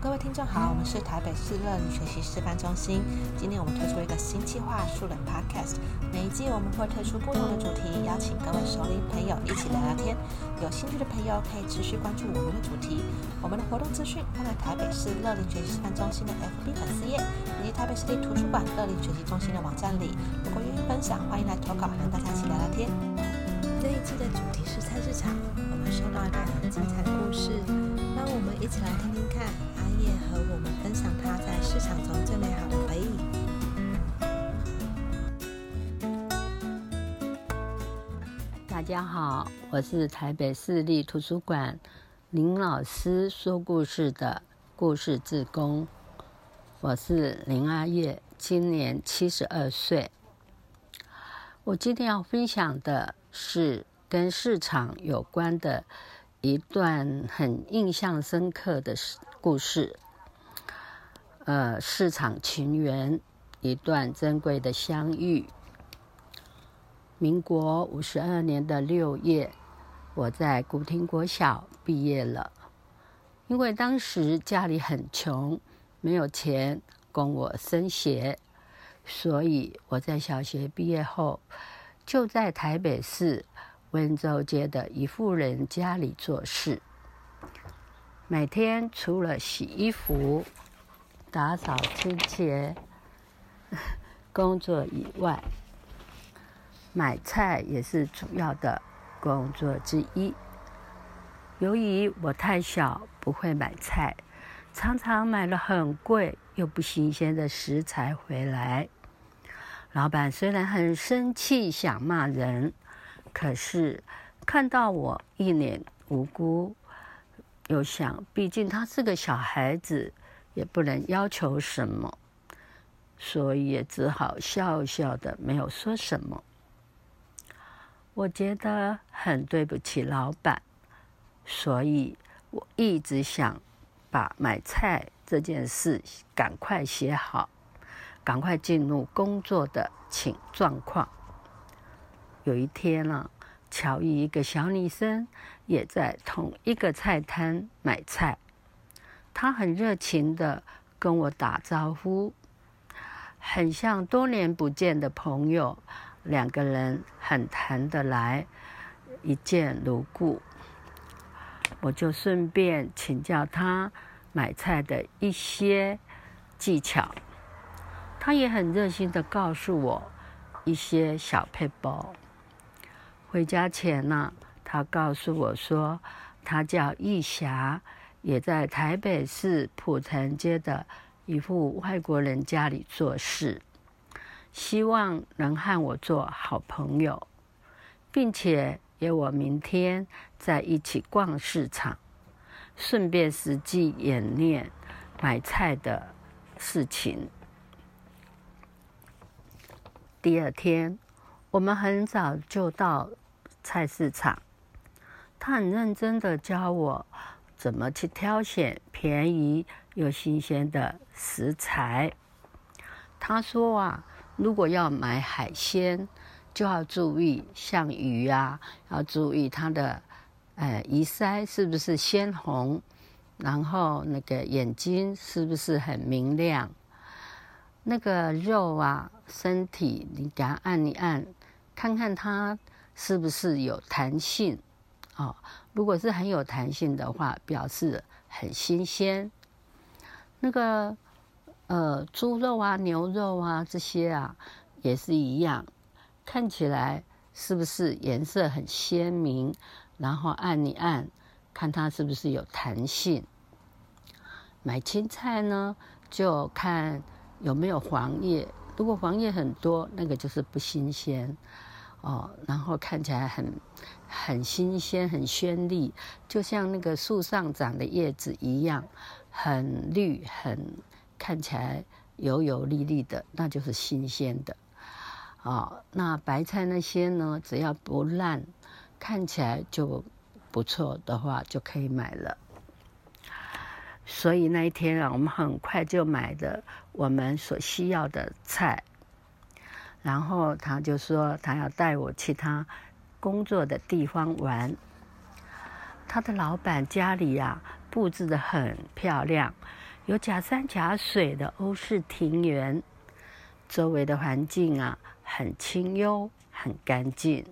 各位聽眾好，我們是台北市樂齡學習示範中心。今天我們推出一個新計劃，素人 Podcast。每一季我們會推出不同的主題，邀請各位熟齡朋友一起聊聊天。有興趣的朋友可以持續關注我們的主題，我們的活動資訊放在台北市樂齡學習示範中心的 FB 粉絲頁以及台北市立圖書館樂齡學習中心的網站裡。如果願意分享，歡迎來投稿，讓大家一起聊聊天。這一季的主題是菜市場。我們收到一個很精彩的故事，讓我們一起來聽聽看。和我們分享他在市場中最美好的回憶。嗯。大家好，我是台北市立圖書館林老師說故事的故事志工，我是林阿葉，今年七十二歲。我今天要分享的是跟市場有關的。一段很印象深刻的事故事，呃，市場情緣，一段珍貴的相遇。民國五十二年的六月，我在古亭國小畢業了。因為當時家裡很窮，沒有錢供我升學，所以我在小學畢業後就在台北市。溫州街的一戶人家裡做事，每天除了洗衣服、打掃清潔工作以外，買菜也是主要的工作之一。由於我太小，不會買菜，常常買了很貴又不新鮮的食材回來。老闆雖然很生氣，想罵人。可是看到我一臉無辜，又想，畢竟他是個小孩子，也不能要求什麼，所以也只好笑笑的，沒有說什麼。我覺得很對不起老闆，所以我一直想把買菜這件事趕快寫好，趕快進入工作的情狀況。有一天了，啊，巧遇一個小女生，也在同一個菜攤買菜。她很熱情地跟我打招呼，很像多年不見的朋友，兩個人很談得來，一見如故。我就順便請教她買菜的一些技巧，她也很熱心地告訴我一些小配包。回家前呢，他告訴我說，他叫易霞，也在台北市浦城街的一戶外國人家裡做事，希望能和我做好朋友，並且約我明天在一起逛市場，順便實際演練買菜的事情。第二天。我們很早就到菜市場，他很認真的教我怎麼去挑選便宜又新鮮的食材。他說啊，如果要買海鮮，就要注意像魚啊，要注意它的，呃魚鰓是不是鮮紅，然後那個眼睛是不是很明亮，那個肉啊，身體你給它按一按。看看它是不是有彈性，啊、哦，如果是很有彈性的話，表示很新鮮。那個，呃，豬肉啊、牛肉啊這些啊，也是一樣，看起來是不是顏色很鮮明？然後按一按，看它是不是有彈性。買青菜呢，就看有沒有黃葉，如果黃葉很多，那個就是不新鮮。哦，然後看起來很很新鮮，很鮮麗，就像那個樹上長的葉子一樣，很綠，很看起來油油膩膩的，那就是新鮮的。哦，那白菜那些呢，只要不爛，看起來就不錯的話，就可以買了。所以那一天啊，我們很快就買了我們所需要的菜。然後他就說，他要帶我去他工作的地方玩。他的老闆家裡呀、啊，布置得很漂亮，有假山假水的歐式庭園，周圍的環境啊，很清幽，很乾淨。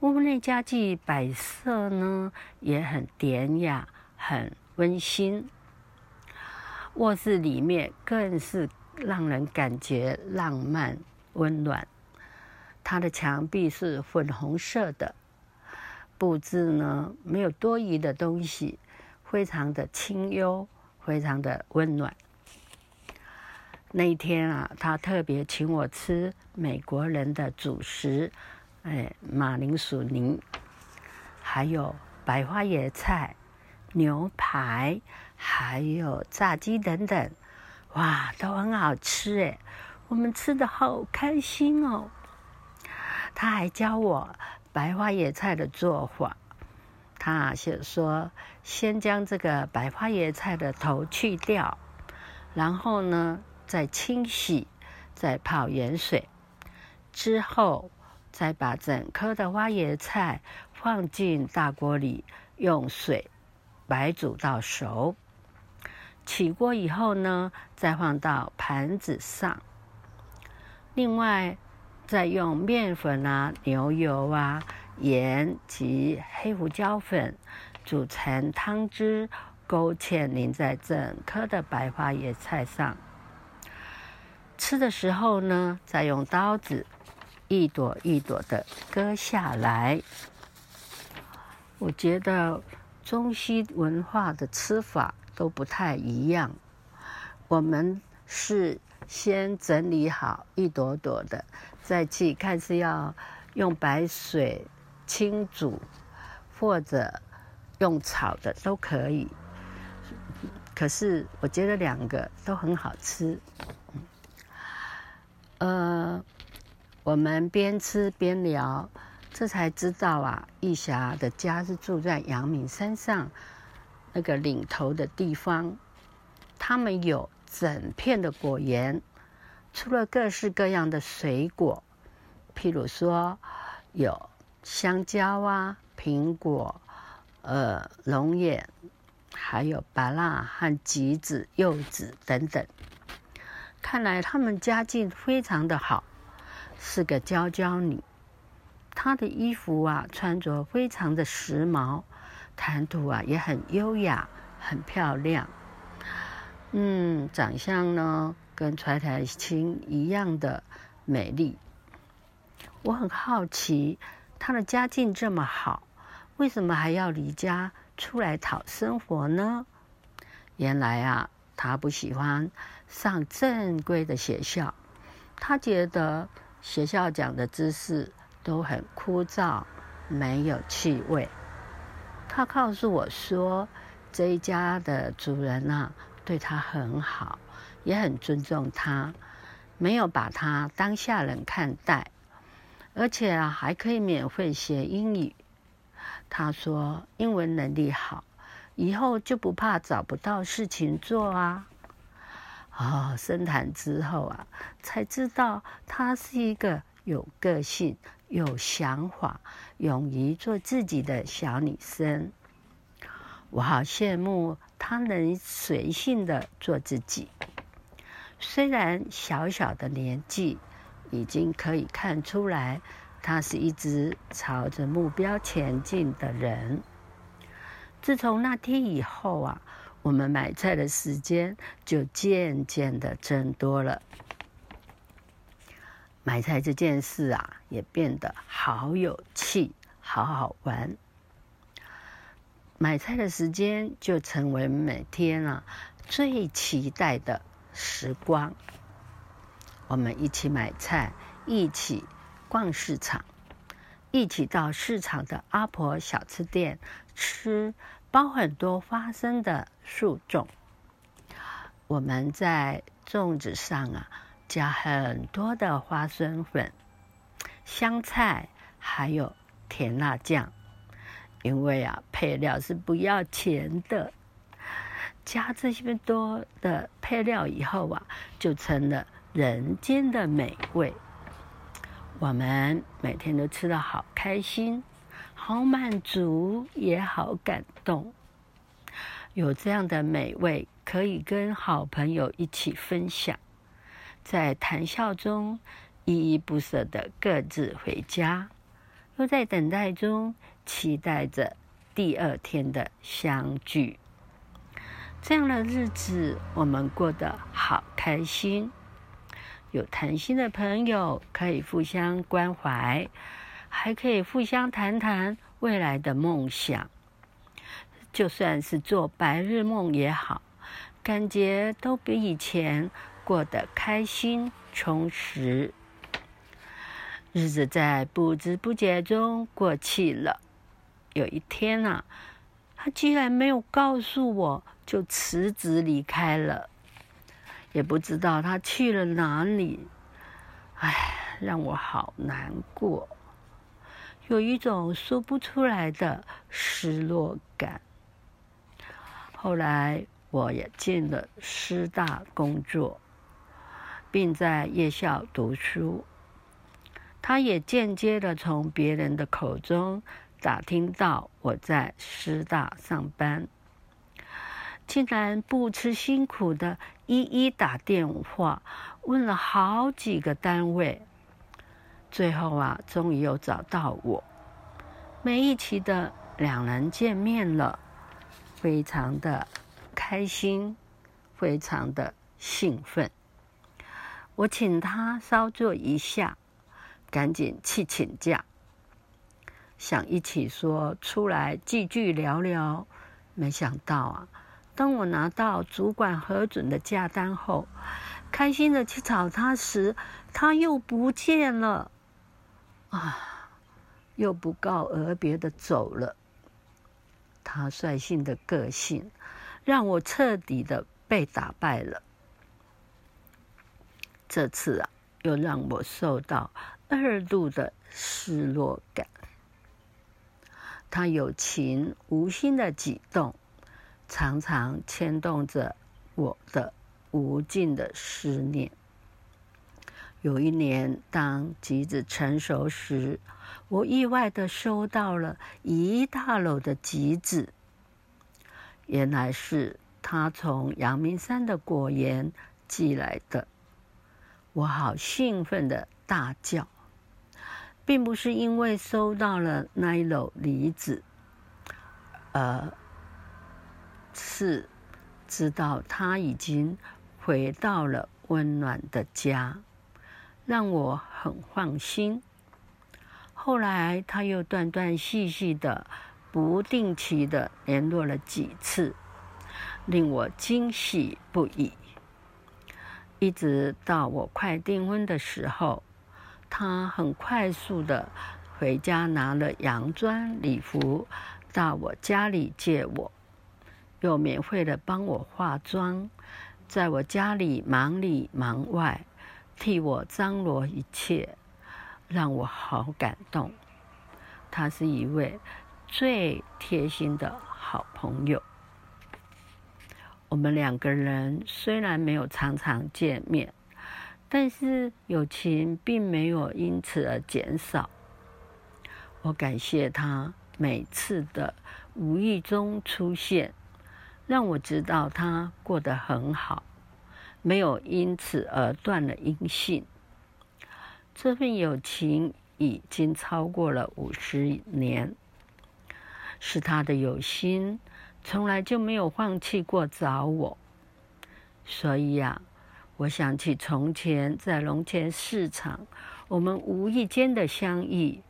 屋內家具擺設呢，也很典雅，很溫馨。臥室裡面更是讓人感覺浪漫。溫暖，它的牆壁是粉紅色的，布置呢，沒有多餘的東西，非常的清幽，非常的溫暖。那一天啊，他特別請我吃美國人的主食，哎，馬鈴薯泥，還有白花椰菜、牛排，還有炸雞等等，哇，都很好吃哎、欸。我們吃的好開心哦！他還教我白花椰菜的做法。他寫說：先將這個白花椰菜的頭去掉，然後呢再清洗，再泡鹽水，之後再把整顆的花椰菜放進大鍋裡用水白煮到熟。起鍋以後呢，再放到盤子上。另外，再用麵粉啊、牛油啊、鹽及黑胡椒粉煮成湯汁，勾芡淋在整顆的白花椰菜上。吃的時候呢，再用刀子一朵一朵的割下來。我覺得中西文化的吃法都不太一樣。我們是。先整理好一朵朵的，再去看是要用白水清煮，或者用炒的都可以。可是我覺得兩個都很好吃。嗯、呃，我們邊吃邊聊，這才知道啊，玉霞的家是住在陽明山上那個嶺頭的地方，他們有。整片的果園，出了各式各樣的水果，譬如說有香蕉啊、蘋果、呃龍眼，還有芭樂和橘子、柚子等等。看來他們家境非常的好，是個嬌嬌女。她的衣服啊穿着非常的時髦，談吐啊也很優雅，很漂亮。嗯，長相呢，跟崔苔菁一樣的美麗。我很好奇，他的家境這麼好，為什麼還要離家出來討生活呢？原來啊，他不喜歡上正規的學校，他覺得學校講的知識都很枯燥，沒有趣味。他告訴我說，這一家的主人啊。對她很好，也很尊重她，沒有把她當下人看待，而且啊還可以免費學英語。他說英文能力好，以後就不怕找不到事情做啊。啊、哦，深談之後啊，才知道她是一個有個性、有想法、勇於做自己的小女生。我好羨慕他能隨性的做自己，雖然小小的年紀，已經可以看出來，他是一直朝着目標前進的人。自從那天以後啊，我們買菜的時間就漸漸的增多了，買菜這件事啊，也變得好有趣，好好玩。買菜的時間就成為每天啊最期待的時光。我們一起買菜，一起逛市場，一起到市場的阿婆小吃店吃包很多花生的素粽，我們在粽子上啊加很多的花生粉、香菜，還有甜辣醬。因為啊，配料是不要錢的，加這些多的配料以後啊，就成了人間的美味。我們每天都吃得好開心、好滿足，也好感動。有這樣的美味，可以跟好朋友一起分享，在談笑中依依不捨地各自回家，又在等待中。期待着第二天的相聚，這樣的日子我們過得好開心，有談心的朋友可以互相關懷，還可以互相談談未來的夢想，就算是做白日夢也好，感覺都比以前過得開心充實。日子在不知不覺中過去了。有一天啊，他居然沒有告訴我就辭職離開了，也不知道他去了哪裡。哎，讓我好難過，有一種說不出來的失落感。後來我也進了師大工作，並在夜校讀書。他也間接的從別人的口中。打聽到我在師大上班，竟然不辭辛苦的，一一打電話問了好幾個單位，最後啊，終於又找到我。每一期的兩人見面了，非常的開心，非常的興奮。我請他稍坐一下，趕緊去請假。想一起說出來，繼續聊聊。沒想到啊，當我拿到主管核准的假單後，開心的去找他時，他又不見了，啊，又不告而別的走了。他率性的個性，讓我徹底的被打敗了。這次啊，又讓我受到二度的失落感。他有情無心的舉動，常常牽動着我的無盡的思念。有一年，當橘子成熟時，我意外的收到了一大簍的橘子，原來是他從陽明山的果園寄來的，我好興奮的大叫。並不是因為收到了那一簍梨子，而是知道他已經回到了溫暖的家，讓我很放心。後來他又斷斷續續的、不定期的聯絡了幾次，令我驚喜不已。一直到我快訂婚的時候。他很快速的回家拿了洋裝禮服到我家裡借我，又免費的幫我化妝，在我家裡忙裡忙外，替我張羅一切，讓我好感動。他是一位最貼心的好朋友。我們兩個人雖然沒有常常見面。但是友情並沒有因此而減少。我感謝他每次的無意中出現，讓我知道他過得很好，沒有因此而斷了音信。這份友情已經超過了五十年，是他的有心，從來就沒有放棄過找我。所以呀、啊。我想起從前在龍泉市場，我們無意間的相遇，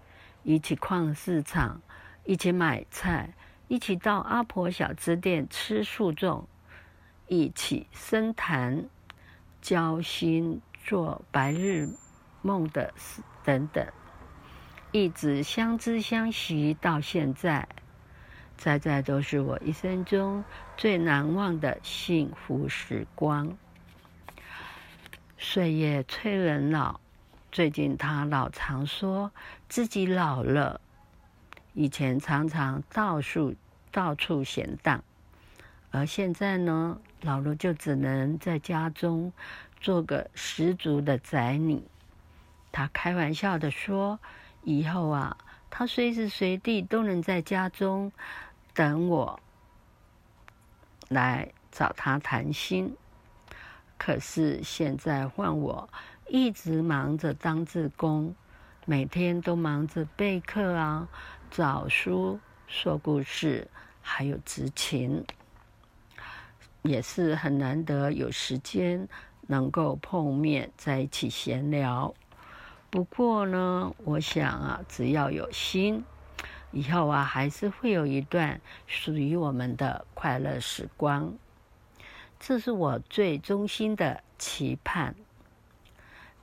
一起逛市場，一起買菜，一起到阿婆小吃店吃素粽，一起深談、交心、做白日夢的事等等，一直相知相惜到現在，在在都是我一生中最難忘的幸福時光。歲月催人老，最近他老常說自己老了，以前常常到處到處閒蕩，而現在呢，老了就只能在家中做個十足的宅女。他開玩笑的說：“以後啊，他隨時隨地都能在家中等我來找他談心。”可是現在換我，一直忙着當志工，每天都忙着備課啊、找書、說故事，還有執勤，也是很難得有時間能夠碰面在一起閒聊。不過呢，我想啊，只要有心，以後啊，還是會有一段屬於我們的快樂時光。這是我最衷心的期盼。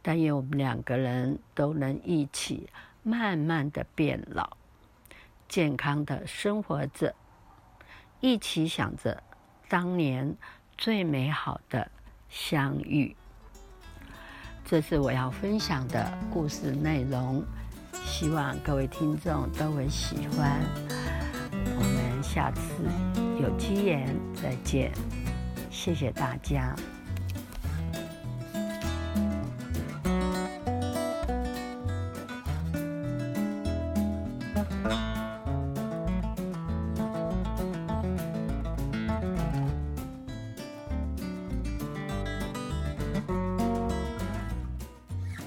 但願我們兩個人都能一起慢慢的變老，健康的生活着，一起想着當年最美好的相遇。這是我要分享的故事內容，希望各位聽眾都會喜歡。我們下次有機緣再見。謝謝大家。